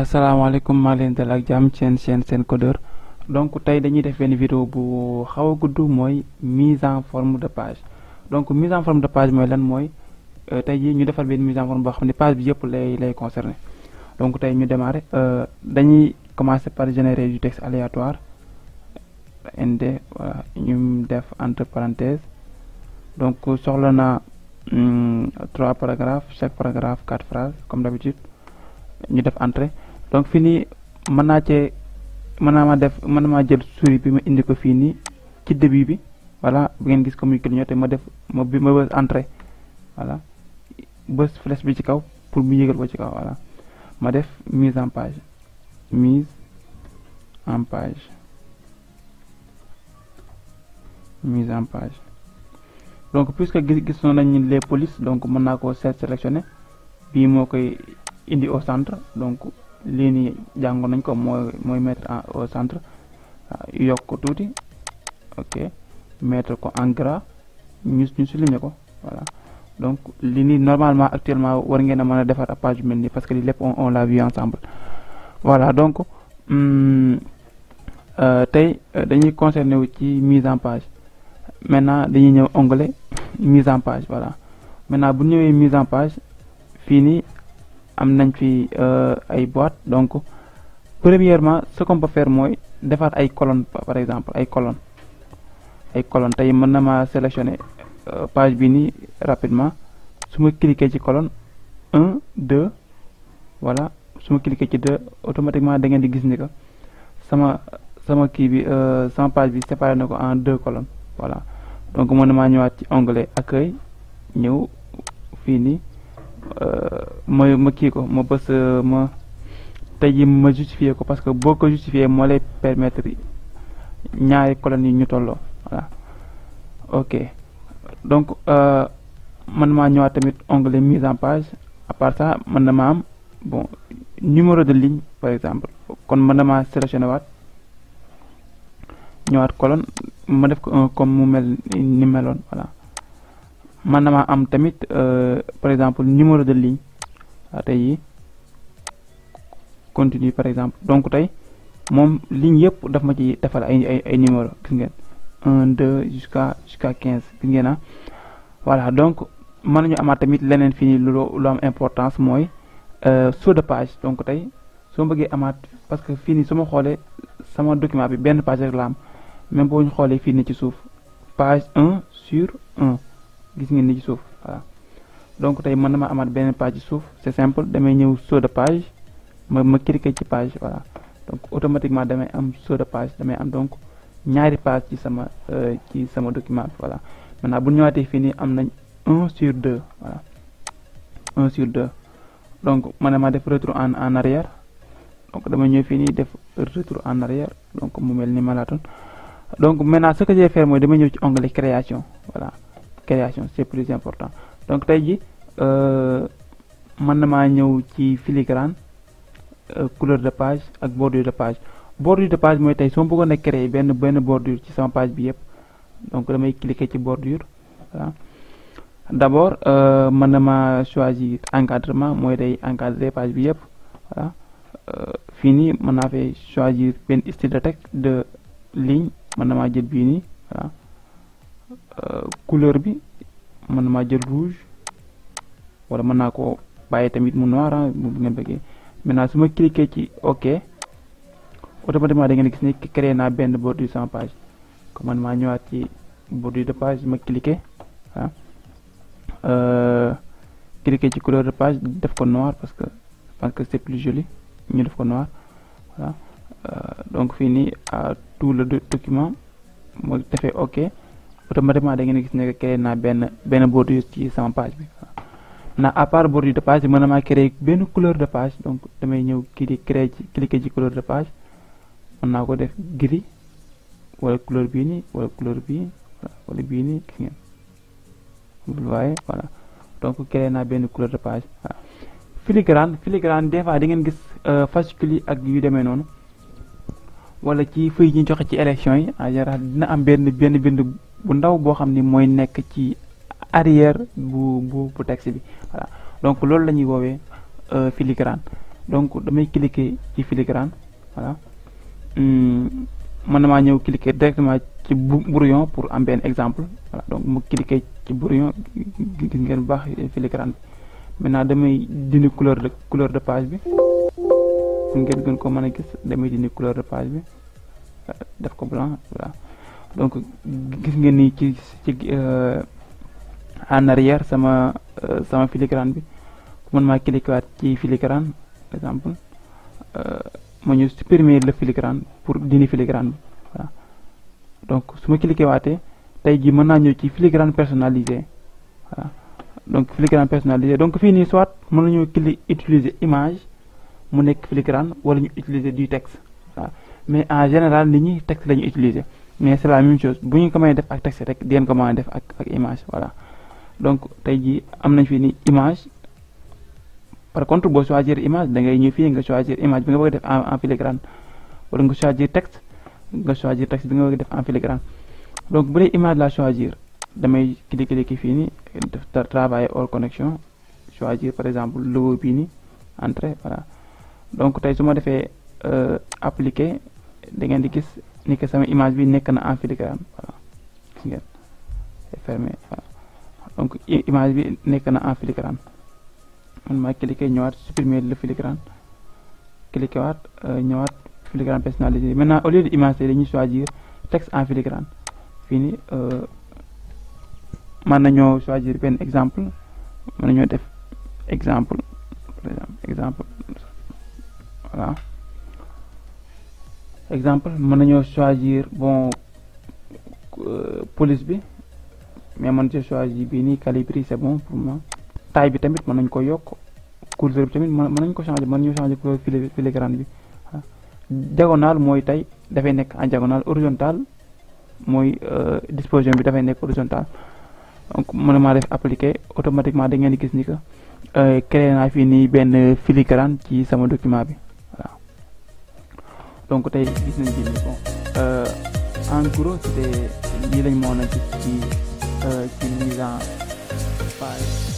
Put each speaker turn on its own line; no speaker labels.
asalaamaaleykum maa leen dal ak jàmm seen seen seen codeur donc tey dañuy def benn vidéo bu xaw a gudd mooy mise en forme de page donc mise en forme de page mooy lan mooy euh, tey jii ñu defar benn mise en forme boo xam ne page bi yëpp lay lay concerné donc tey ñu demare euh, dañuy commencé par générer du texte aléatoire nd voilà ñu def entre parenthèses donc soxla na hmm, trois paragraphes chaque paragraphe quatre phrases comme d'habitude ñu def entrée donc fii nii mën naa cee mën naa ma def mën naa ma jël souris bi ma indi ko fii nii ci début bi voilà bu ngeen gis ko muy ma def ma bi ma bës entrée voilà bës bi ci kaw pour mu ko ci kaw voilà ma def mise en page mise en page mise en page donc gis-gis noonu nañu les polices donc mën naa koo sélectionner bii moo koy indi au centre donc lii nii jàngoon nañ ko mooy mooy mettre au centre ah, yokk ko tuuti ok mettre ko en gras ñu ñu souligner ko voilà donc li nii normalement actuellement war ngeen a mën a defar ab page mel nii parce que li lépp on l'a vu ensemble voilà donc euh, tey euh, dañuy concerné wu ci mise en page maintenant dañuy ñëw onglet mise en page voilà maintenant bu ñëwee mise en page fii nii am nañ fi euh, ay boîte donc premièrement ce qu'on peut mooy defar ay colonne par exemple ay colonne ay colonne tey mën na ma sélectionner euh, page bi nii rapidement su ma cliquer ci colonne un deux voilà ci deux automatiquement da ngeen di gis ni que sama sama kii bi euh, sama page bi séparé na ko en deux colonnes voilà donc mën na maa ñëwaat ci onglet accueil ñëw fii nii ma ma kii ko ma bës ma tey jii ma justifier ko parce que boo ko justifier moo lay permettre ñaari colonne yi ñu tolloo voilà ok donc euh, man maa ñëwaat tamit onglet mise en page à part ça man na ma am bon numéro de ligne par exemple kon man na maa sélectionné waat ñëwaat colonne ma def ko un comme mu mel ni meloon voilà man na damaa am tamit euh, par exemple numéro de ligne ah, tey yi continue par exemple donc tey moom ligne yëpp daf ma ci defal ay ay ay numéro gis ngeen un deux jusqu'à jusqu'à quinze gis ngeen ah voilà donc mën nañu amaat tamit leneen fii nii lu am importance mooy euh, saut de page donc tey soo bëggee amaat parce que fii nii su ma xoolee sama document bi benn page rek la am même boo ñu xoolee fii nii ci suuf page un sur un gis nga ni ci suuf voilà donc tey mën na ma amaat benn page ci suuf c'est simple damay ñëw saut de page ma ma cliquer ci page voilà donc automatiquement damay am saut de page damay am donc ñaari page ci sama euh, ci sama document bi voilà naa bu ñëwaatee fii nii am nañ un sur deux donc mën na ma def retour en en arrière donc dama ñëw fii nii def retour en arrière donc mu mel ni ma laatoon donc maintenant ce que je vais faire ñëw ci onglet création voilà création c'est plus important donc tey ji euh, mën na maa ñëw ci filigrane euh, couleur de page ak bordure de page bordure de page mooy tey soo bëggoon a créer benn benn bordure ci sama page bi yëpp donc damay cliquer ci bordure voilà d'abord euh, mën na maa choisir encadrement mooy day encadrer page bi yëpp voilà fii nii mën naa fay choisir benn style de texte de ligne mën na maa jël bii nii voilà Euh, couleur bi man maa jël rouge wala mën naa ko bàyyi tamit mu noir ah bu ngeen su ma cliquer ci ok automatiquement da ngeen gis ni créé naa benn bordure sans page comme man maa ñëwaat ci bordure de page ma cliquer ah euh, cliquer ci couleur de page def ko noir parce que parce que c'est plus joli ñu def ko noir voilà euh, donc fii nii à tout le document moo defee ok automatiquement ah, da ngeen gis ne créé naa benn benn bordu ci sama page bi na à part bordu de page bi mën na maa créé benn couleur de damay ñëw kii di créé ci cliquer ci couleur de page mën naa ko def gris wala couleur bi nii wala couleur bi wala bi nii gis ngeen vous voyez donc créé naa benn couleur de page waaw filigrane filigrane des ngeen gis euh, fascicule yi ak yu demee noonu wala ci feuille yi ñu ci élection yi en général dina am benn bind bu ndaw boo xam ni mooy nekk ci arrière bu bu bu bi voilà donc loolu la ñuy woowee euh, filigrane donc damay cliquer ci filigrane voilà hmm, mën na ñëw cliquer directement ci brouillon pour am exemple donc mu cliquer ci brouillon gis bu baax filigrane bi maintenant damay dindi couleur de couleur de page bi pour ngeen ko mën a gis damay dindi couleur de page bi def ko blanc voilà donc gis nga ni ci ci euh, en arrière sama euh, sama filigrane bi man maa cliqué ci filigrane par exemple euh, ma ñu supprimer le filigrane pour dindi filigrane bi voilà donc su ma cliqué waatee tey jii mën naa ñëw ci filigrane personnalisé voilà donc filigrane personnalisé donc fii nii soit mën nañu cliquer utiliser image mu nekk filigrane wala ñu utiliser du texte waaw mais en général nit ñi texte lañu ñu mais c'est la même chose bu ñu ko may def ak texte rek di ngeen ko a def ak image voilà donc tey jii am nañ fi ni image par contre boo choisir image da ngay ñëw fii nga choisir image bi nga bëgg a def en filigrane wala nga choisir texte nga choisir texte bi nga bëgg def en filigrane donc bu dee image la choisir damay cliquer fii nii def travailler hors connexion choisir par exemple logo bii nii entrée voilà donc tey su defee euh, appliquer da ngeen di gis. ni que sama image bi nekk na en filigrane voilà gis ngeen fermé voilà donc image bi nekk na en filigrane man maa cliqué ñëwaat supprimer le filigrane cliqué waat euh, ñëwaat filigrane personnalisé maintenant au lieu de image tey dañuy choisir texte en filigrane fii nii euh, mën nañoo choisir benn exemple mën nañoo def exemple exemple exemple exemple mën nañoo choisir bon euh, police bi mais man ci choisir bii nii calibri c'est bon pour moi taille bi tamit mën nañ ko yokk couleur bi tamit mën nañ ko changer man nañu changer couleur filigrane bi diagonal mooy tey dafay nekk en diagonal horizontal mooy euh, disposition bi dafay nekk horizontal donc mën maa def appliquer automatiquement da ngeen di gis ni que euh, créé naa fii nii benn filigrane ci sama document bi donc tey gis nañ ci ni bon en gros c'était lii lañ moo na gis ci ci euh, mise